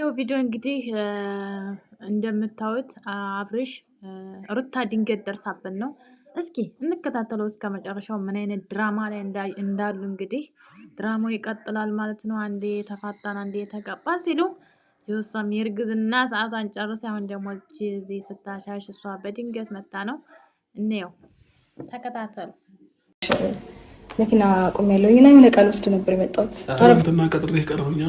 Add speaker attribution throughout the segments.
Speaker 1: ይኸው ቪዲዮ እንግዲህ እንደምታዩት አብርሽ ሩታ ድንገት ደርሳብን ነው። እስኪ እንከታተለው እስከ መጨረሻው ምን አይነት ድራማ ላይ እንዳሉ። እንግዲህ ድራማው ይቀጥላል ማለት ነው። አንዴ የተፋታን አንዴ የተቀባ ሲሉ የወሷም የእርግዝና ሰዓቷን ጨርሳ አሁን ደግሞ እዚህ ስታሻሽ እሷ በድንገት መታ ነው። እንየው፣ ተከታተሉ።
Speaker 2: መኪና ያለው እና የሆነ ቃል ውስጥ ነበር የመጣሁት
Speaker 3: ቀጥሬ ቀረሁኛ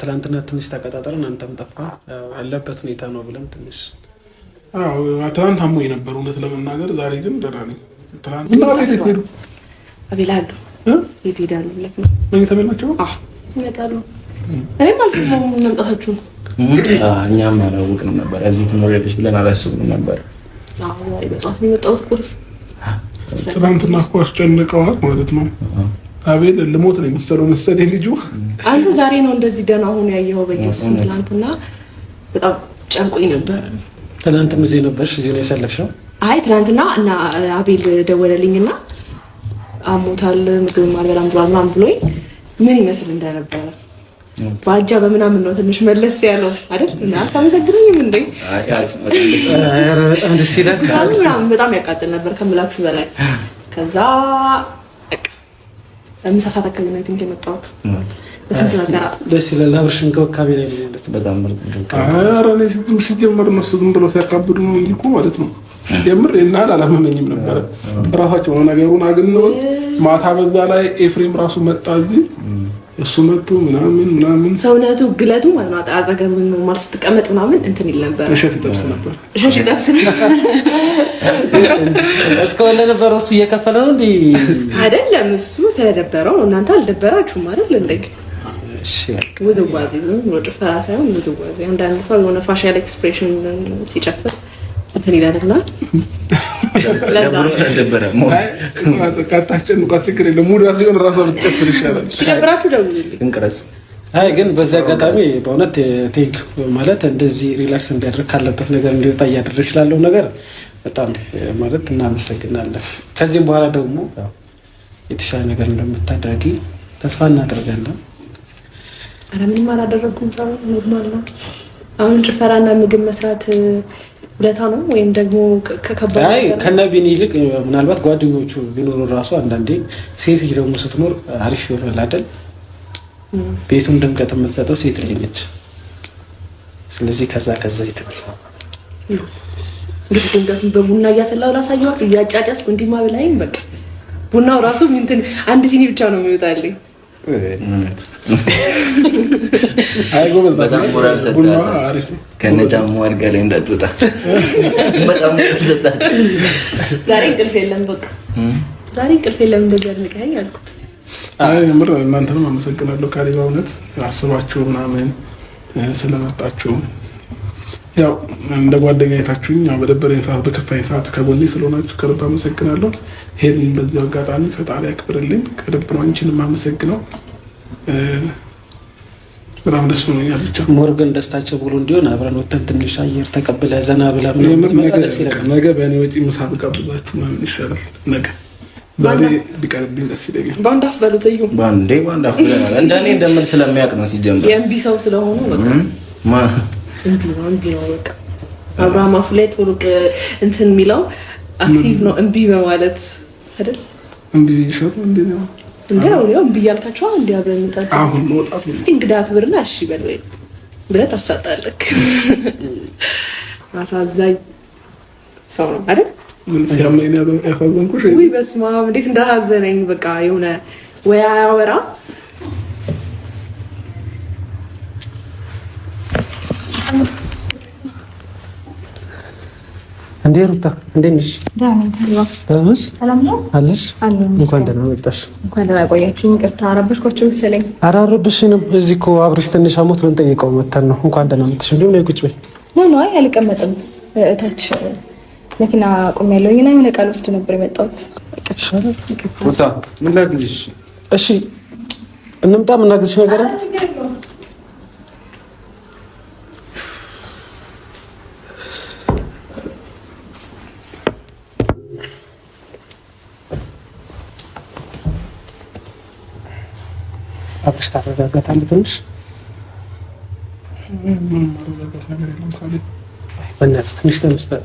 Speaker 3: ትላንትና ትንሽ ተቀጣጠር እናንተም ጠፋ ያለበት ሁኔታ ነው ብለን ትንሽ
Speaker 4: ትላንት አሞ የነበረ እውነት ለመናገር ዛሬ ግን ደህና ነኝ።
Speaker 2: አቤላሉ የት ሄዳሉ? ተበላቸው ይመጣሉ። እኔም አልሰማሁም መምጣታችሁ።
Speaker 5: እኛም አላወቅንም ነበር። እዚህ ትኖሪያለሽ ብለን አላስብንም ነበር።
Speaker 2: ዛሬ በጠዋት
Speaker 4: ትናንትና እኮ አስጨንቀዋት ማለት ነው አቤል ልሞት ነው የሚሰለው መሰለኝ ልጁ።
Speaker 2: አንተ ዛሬ ነው እንደዚህ ደህና አሁን ያየኸው? በኢየሱስ ትናንትና በጣም ጨንቆኝ ነበር።
Speaker 3: ትናንትም እዚህ ነበርሽ? እዚህ ነው የሰለፍሽው?
Speaker 2: አይ ትናንትና እና አቤል ደወለልኝ እና አሞታል፣ ምግብ አልበላም ብሏል ምናምን ብሎኝ ምን ይመስል እንደነበረ ባጃ በምናምን ነው ትንሽ መለስ ያለው አይደል? እና አታመሰግኑኝም እንዴ?
Speaker 3: በጣም ደስ ይላል።
Speaker 2: በጣም ያቃጥል ነበር ከምላችሁ በላይ ከዛ ምሳ ሰዓት አካባቢ ነው ቲንክ የመጣሁት።
Speaker 3: ደስ ይላል። አብርሽ እንክብካቤ ላይ በጣም
Speaker 4: ምርጥ ሲጀመር እነሱ ዝም ብለው ሲያካብዱ ነው እንጂ እኮ ማለት ነው የምር ይናል አላመመኝም ነበረ። እራሳቸው ነው ነገሩን አግኝተው ማታ በዛ ላይ ኤፍሬም ራሱ መጣ እዚህ እሱ መጥቶ ምናምን ምናምን
Speaker 2: ሰውነቱ ግለቱ ማለት አጠገብ ኖርማል ስትቀመጥ ምናምን እንትን ይል ነበር።
Speaker 3: እሸት ይጠብስ ነበር።
Speaker 2: እሸት ይጠብስ
Speaker 5: እስከሆነ ነበር። እሱ እየከፈለ ነው እንዲ
Speaker 2: አይደለም። እሱ ስለደበረው ነው። እናንተ አልደበራችሁም ማለት ልንደግ ውዝዋዜ ጭፈራ ሳይሆን ውዝዋዜ። አንዳንድ ሰው የሆነ ፋሻል ኤክስፕሬሽን ሲጨፍር እንትን ይላልና
Speaker 3: አይ ግን በዚህ አጋጣሚ በእውነት ቴንክ ማለት እንደዚህ ሪላክስ እንዲያደርግ ካለበት ነገር እንዲወጣ እያደረግ ስላለው ነገር በጣም ማለት እናመሰግናለን። ከዚህም በኋላ ደግሞ የተሻለ ነገር እንደምታደርጊ ተስፋ እናደርጋለን።
Speaker 2: ኧረ ምንም አላደረኩም። ኖርማል ነው። አሁን ጭፈራና ምግብ መስራት ውለታ ነው ወይም ደግሞ ከከባድ
Speaker 3: ከነ ቢኒ ይልቅ ምናልባት ጓደኞቹ ቢኖሩ ራሱ አንዳንዴ ሴት ልጅ ደግሞ ስትኖር አሪፍ ይሆናል አይደል? ቤቱን ድምቀት የምትሰጠው ሴት ልጅ ነች። ስለዚህ ከዛ ከዛ የተነሳ
Speaker 2: እንግዲህ ድምቀቱን በቡና እያፈላሁ ላሳየኋት እያጫጫስኩ እንዲማ ብላይም በቃ ቡናው ራሱ እንትን አንድ ሲኒ ብቻ ነው የሚወጣልኝ።
Speaker 5: ከነጫማ አልጋ ላይ እንዳትወጣ በጣም
Speaker 2: ዛሬ እንቅልፍ የለም በቃ ዛሬ እንቅልፍ የለም። አድንቀኸኝ አልኩት።
Speaker 4: ምር እናንተንም አመሰግናለሁ። ካሪባ እውነት አስባችሁ ምናምን ስለመጣችሁ ያው እንደ ጓደኛ የታችሁኝ በደበረኝ ሰዓት በከፋኝ ሰዓት ከጎኔ ስለሆናችሁ ከልብ አመሰግናለሁ። ሄድን በዚያው አጋጣሚ ፈጣሪ ያክብርልኝ። ከልብ ነው አንቺንም አመሰግነው በጣም ደስ ብሎኛል። ብቻ ሞርገን ደስታቸው ብሎ እንዲሆን አብረን ወተን ትንሽ አየር ተቀብለ ዘና ብላ ነገ በእኔ ወጪ ምሳ ብጋብዛችሁ ምናምን ይሻላል። ነገ ዛሬ ቢቀርብኝ ደስ ይለኛል።
Speaker 2: በአንድ አፍ በሉት እዩ
Speaker 5: በአንዴ በአንድ አፍ ብለናል። እንደ እኔ እንደምን ስለሚያውቅ ነው ሲጀምር
Speaker 2: የእምቢ ሰው ስለሆኑ በቃ እምቢ ነው እምቢ ነው በቃ አብርሃም አፉ ላይ ቶሎ እንትን የሚለው አክቲቭ ነው እምቢ በማለት አይደል
Speaker 4: እምቢ ነው
Speaker 2: እንደ ሁኔው ብያልካቸዋ እንዲ አብረን መውጣት እስቲ እንግዳ ክብርና እሺ በል ወይ ብለህ ታሳጣለህ። አሳዛኝ ሰው ነው አይደል? ወይ በስመ አብ እንዴት እንዳሳዘነኝ በቃ የሆነ ወይ አያወራ
Speaker 3: Thank እንዴ ሩታ እንዴት ነሽ? አለሽ? እንኳን ደህና መጣሽ።
Speaker 2: እንኳን ደህና ቆያችሁ። ይቅርታ አረበሽኳችሁ መሰለኝ።
Speaker 3: ኧረ አረብሽንም። እዚህ እኮ አብርሽ ትንሽ አሞት ልንጠይቀው መተን ነው። እንኳን ደህና መጣሽ። እንዲሁም ነይ ቁጭ በይ።
Speaker 2: ኖ ኖ፣ አይ አልቀመጥም። እታች መኪና ቆሜያለሁኝ እና የሆነ ቃል ውስጥ ነበር የመጣሁት።
Speaker 4: ሩታ ምን ላግዝሽ?
Speaker 3: እሺ እንምጣ። ምን ላግዝሽ ነገር አለ አብርሽ ታረጋጋታለህ ትንሽ
Speaker 2: በእናትህ ትንሽ ተነስተህ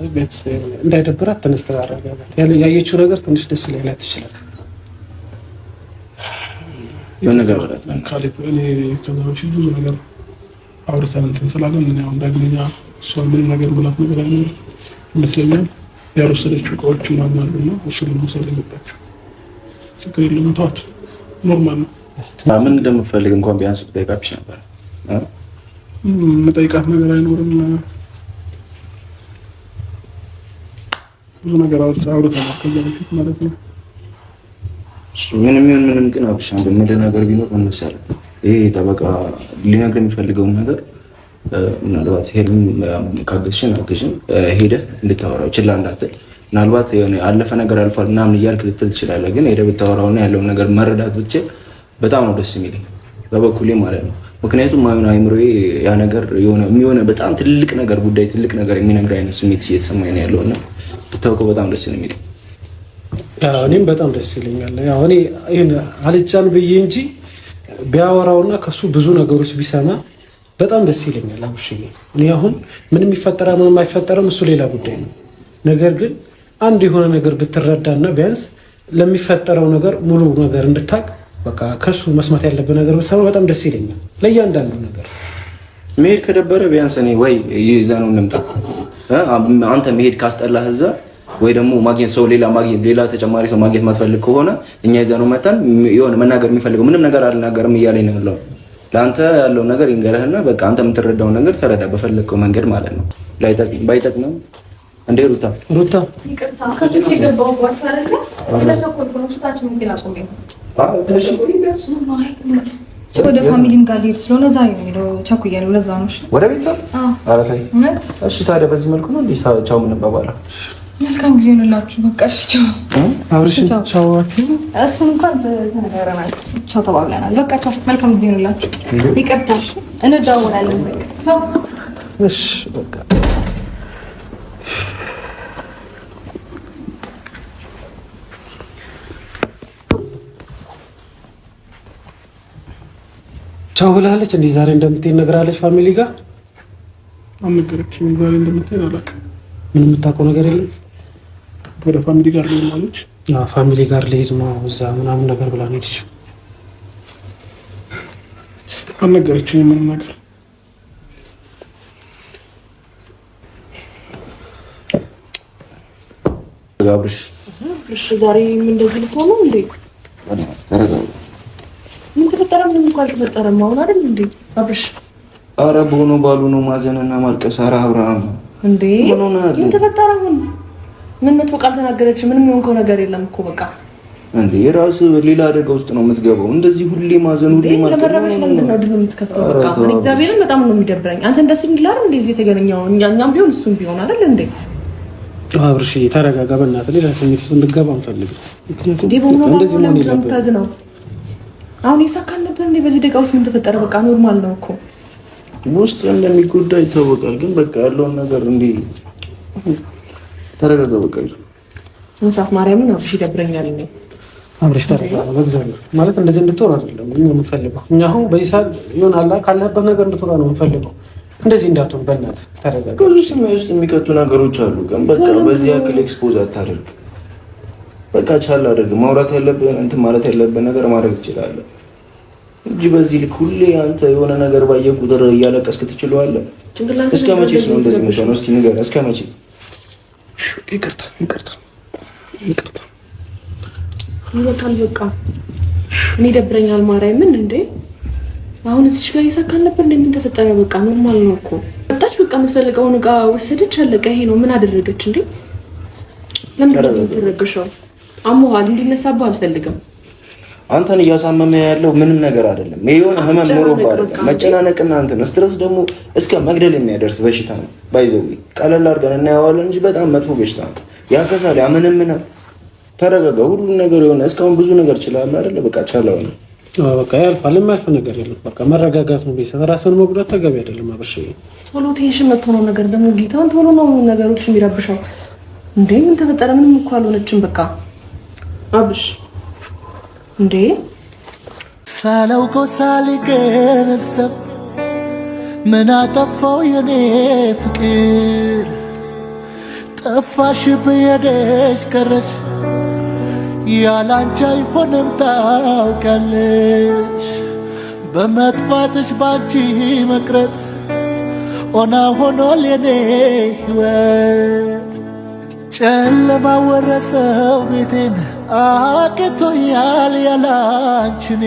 Speaker 2: እንዳይደብራት ተነስተህ አረጋጋት። ያየችው ነገር ትንሽ ደስ ላይላት ትችላል።
Speaker 5: ብዙ ነገር
Speaker 4: አውርተን እንትን ምንም ነገር ነገር ይመስለኛል። ያልወሰደችው እቃዎች ምናምን የለባቸው። ችግር የለም ተዋት፣ ኖርማል ነው
Speaker 5: ምን እንደምፈልግ እንኳን ቢያንስ ብጠይቃብሽ ነበር።
Speaker 4: የምጠይቃት ነገር አይኖርም። ብዙ ነገር አውርተናል ከዚያ በፊት ማለት ነው።
Speaker 5: ምንም ይሁን ምንም ግን አብሻ በምልህ ነገር ቢኖር ምን መሰለህ፣ ይሄ ጠበቃ ሊነግር የሚፈልገውን ነገር ምናልባት ሄድን ካገዝሽን አግዥን ሄደህ እንድታወራው ችላ እንዳትል። ምናልባት አለፈ ነገር አልፏል ምናምን እያልክ ልትል ትችላለህ። ግን ሄደህ ብታወራውና ያለውን ነገር መረዳት ብትችል በጣም ነው ደስ የሚለኝ በበኩሌ ማለት ነው። ምክንያቱም ማምን አይምሮ ያ ነገር የሚሆነ በጣም ትልቅ ነገር ጉዳይ ትልቅ ነገር የሚነግር አይነት ስሜት እየተሰማኝ ነው ያለው እና ብታውቀው በጣም ደስ ነው የሚለኝ።
Speaker 3: እኔም በጣም ደስ ይለኛል። እኔ አልጫን ብዬ እንጂ ቢያወራውና ከሱ ብዙ ነገሮች ቢሰማ በጣም ደስ ይለኛል። አብሽ እኔ አሁን ምንም ይፈጠራ ምንም አይፈጠርም እሱ ሌላ ጉዳይ ነው። ነገር ግን አንድ የሆነ ነገር ብትረዳና ቢያንስ ለሚፈጠረው ነገር ሙሉ ነገር እንድታቅ በቃ ከሱ መስማት ያለብህ ነገር ብትሰማ በጣም ደስ ይለኛል። ለእያንዳንዱ ነገር
Speaker 5: መሄድ ከደበረ ቢያንስ እኔ ወይ ይዘህ ነው እንምጣ። አንተ መሄድ ካስጠላህ እዛ ወይ ደግሞ ማግኘት ሰው ሌላ ማግኘት ሌላ ተጨማሪ ሰው ማግኘት ማትፈልግ ከሆነ እኛ ይዘህ ነው መጣን። የሆነ መናገር የሚፈልገው ምንም ነገር አልናገርም እያለኝ ነው ያለው። ለአንተ ያለው ነገር ይንገረህና በቃ አንተ የምትረዳውን ነገር ተረዳ፣ በፈለግከው መንገድ ማለት ነው። ባይጠቅምም
Speaker 3: እንዴ ሩታ
Speaker 2: ሩታ ወደ ፋሚሊም ጋር ሊሄድ ስለሆነ ዛሬ ነው የምሄደው። ቸኩያለሁ። ለዛ ነው
Speaker 5: ወደ ቤተሰብ። እሺ፣ ታዲያ በዚህ መልኩ ነው ቻው የምንባባለው።
Speaker 2: መልካም ጊዜ ሆንላችሁ። በቃ እሱን እንኳን ተነጋግረናል፣ ቻው ተባብለናል። በቃ ቻው፣ መልካም ጊዜ ሆንላችሁ። ይቅርታ፣ እንደዋወላለን። እሺ፣ በቃ
Speaker 3: ቻው ብላለች። እንዴ ዛሬ እንደምትሄድ ነግራለች ፋሚሊ ጋር
Speaker 4: አልነገረችኝም። ዛሬ እንደምትሄድ አላውቅም።
Speaker 3: ምን የምታውቀው ነገር የለም።
Speaker 4: ወደ ፋሚሊ ጋር ልሄድ ማለች።
Speaker 3: ፋሚሊ ጋር ልሄድ ነው እዛ ምናምን ነገር ብላ ነው ሄደች።
Speaker 4: አልነገረችኝም ምን ነገር።
Speaker 5: አብርሽ
Speaker 2: ዛሬ ምን እንደዚህ ልትሆን ነው እንዴ? ተፈጠረ ምንም እንኳን አልተፈጠረም። አሁን አይደል እንዴ አብርሽ?
Speaker 5: አረ በሆነ ባሉ ነው ማዘንና ማልቀስ። አረ አብርሃም
Speaker 2: እንዴ ምን ተፈጠረ? አሁን ምን መጥፎ ቃል ተናገረች? ምንም የሆንከው ነገር የለም እኮ በቃ
Speaker 5: እንዴ ራስ ሌላ አደጋ ውስጥ ነው የምትገባው።
Speaker 2: እንደዚህ ሁሌ ማዘን ሁሌ ማልቀስ እግዚአብሔርን በጣም ነው የሚደብረኝ። አንተ እንደስ እንድላል እንደዚህ የተገናኘው እኛም ቢሆን እሱም ቢሆን አይደል እንዴ
Speaker 3: አብርሽ፣ ተረጋጋ በእናትህ። ሌላ ስሜት ውስጥ እንድገባ አልፈልግም።
Speaker 2: ምክንያቱም እንደዚህ ነው አሁን ይሳካል ነበር እንዴ? በዚህ ደቂቃ ውስጥ ምን ተፈጠረ? በቃ ኖርማል ነው እኮ
Speaker 5: ውስጥ እንደሚጎዳ ይታወቃል። ግን በቃ ያለውን ነገር እንዴ ተረጋጋ። በቃ
Speaker 2: እንሳፍ ማርያምን አፍሽ ይደብረኛል። እኔ
Speaker 3: አብረሽ ተረጋጋ። በእግዚአብሔር ማለት እንደዚህ እንድትወር አይደለም እኛ የምንፈልገው። እኛ አሁን በይሳ ሰዓት ይሆን አላ ካለህበት ነገር እንድትወጣ ነው የምንፈልገው። እንደዚህ እንዳትሆን በእናትህ ተረጋጋ።
Speaker 5: ብዙ ስሜ ውስጥ የሚከቱ ነገሮች አሉ። ግን በቃ በዚህ ያክል ኤክስፖዝ አታደርግ በቃ ቻል አድርግ። ማውራት ያለብህ እንትን ማለት ያለብህ ነገር ማድረግ ትችላለህ እንጂ በዚህ ልክ ሁሌ አንተ የሆነ ነገር ባየ ቁጥር እያለቀስክ ትችላለህ። እስከ መቼ ነው እንደዚህ የምትሆነው? እስኪ ንገረኝ፣ እስከ መቼ?
Speaker 3: ይቅርታ ይቅርታ ይቅርታ።
Speaker 2: ይበቃል፣ በቃ እኔ ደብረኛል። ማርያምን እንዴ! አሁን እዚች ጋር እየሳካን ነበር። ምን ተፈጠረ? በቃ ምንም ነው እኮ ወጣች። በቃ የምትፈልገውን እቃ ወሰደች፣ አለቀ። ይሄ ነው ምን አደረገች እንዴ? ለምንድን ነው የምትረብሸው? አሞሃል እንዲነሳብህ አልፈልግም።
Speaker 5: አንተን እያሳመመ ያለው ምንም ነገር አይደለም። የሆነ ህመም ኖሮ መጨናነቅና አንተን ስትረስ ደግሞ እስከ መግደል የሚያደርስ በሽታ ነው። ባይዘው ቀለል አድርገን እናየዋለን እንጂ በጣም መጥፎ በሽታ ነው። ያከሳል፣ ያምንምናል። ተረጋጋ። ሁሉም ነገር የሆነ እስካሁን ብዙ ነገር ችላል አይደለ? በቃ ቻለው ነው
Speaker 3: በቃ ያልፋል። የማያልፍ ነገር የለም። በቃ መረጋጋት ነው። ቤተሰብ ራስን መጉዳት ተገቢ አይደለም። አብርሽ
Speaker 2: ቶሎ ቴንሽን መጥቶ ነው ነገር ደግሞ ጌታን ቶሎ ነው ነገሮች የሚረብሸው። እንዴ ምን ተፈጠረ? ምንም እኮ አልሆነችም። በቃ አብሽ እንዴ ሳላውቆ ሳልገነዘብ ምን አጠፋው የኔ ፍቅር ጠፋሽ ብየደሽ ቀረሽ ያላንቺ አይሆንም ታውቂያለሽ በመጥፋትሽ ባንቺ መቅረት ኦና ሆኗል የኔ ሕይወት ጨለማ ወረሰው ቤቴን አቅቶኛል ያላንችኔ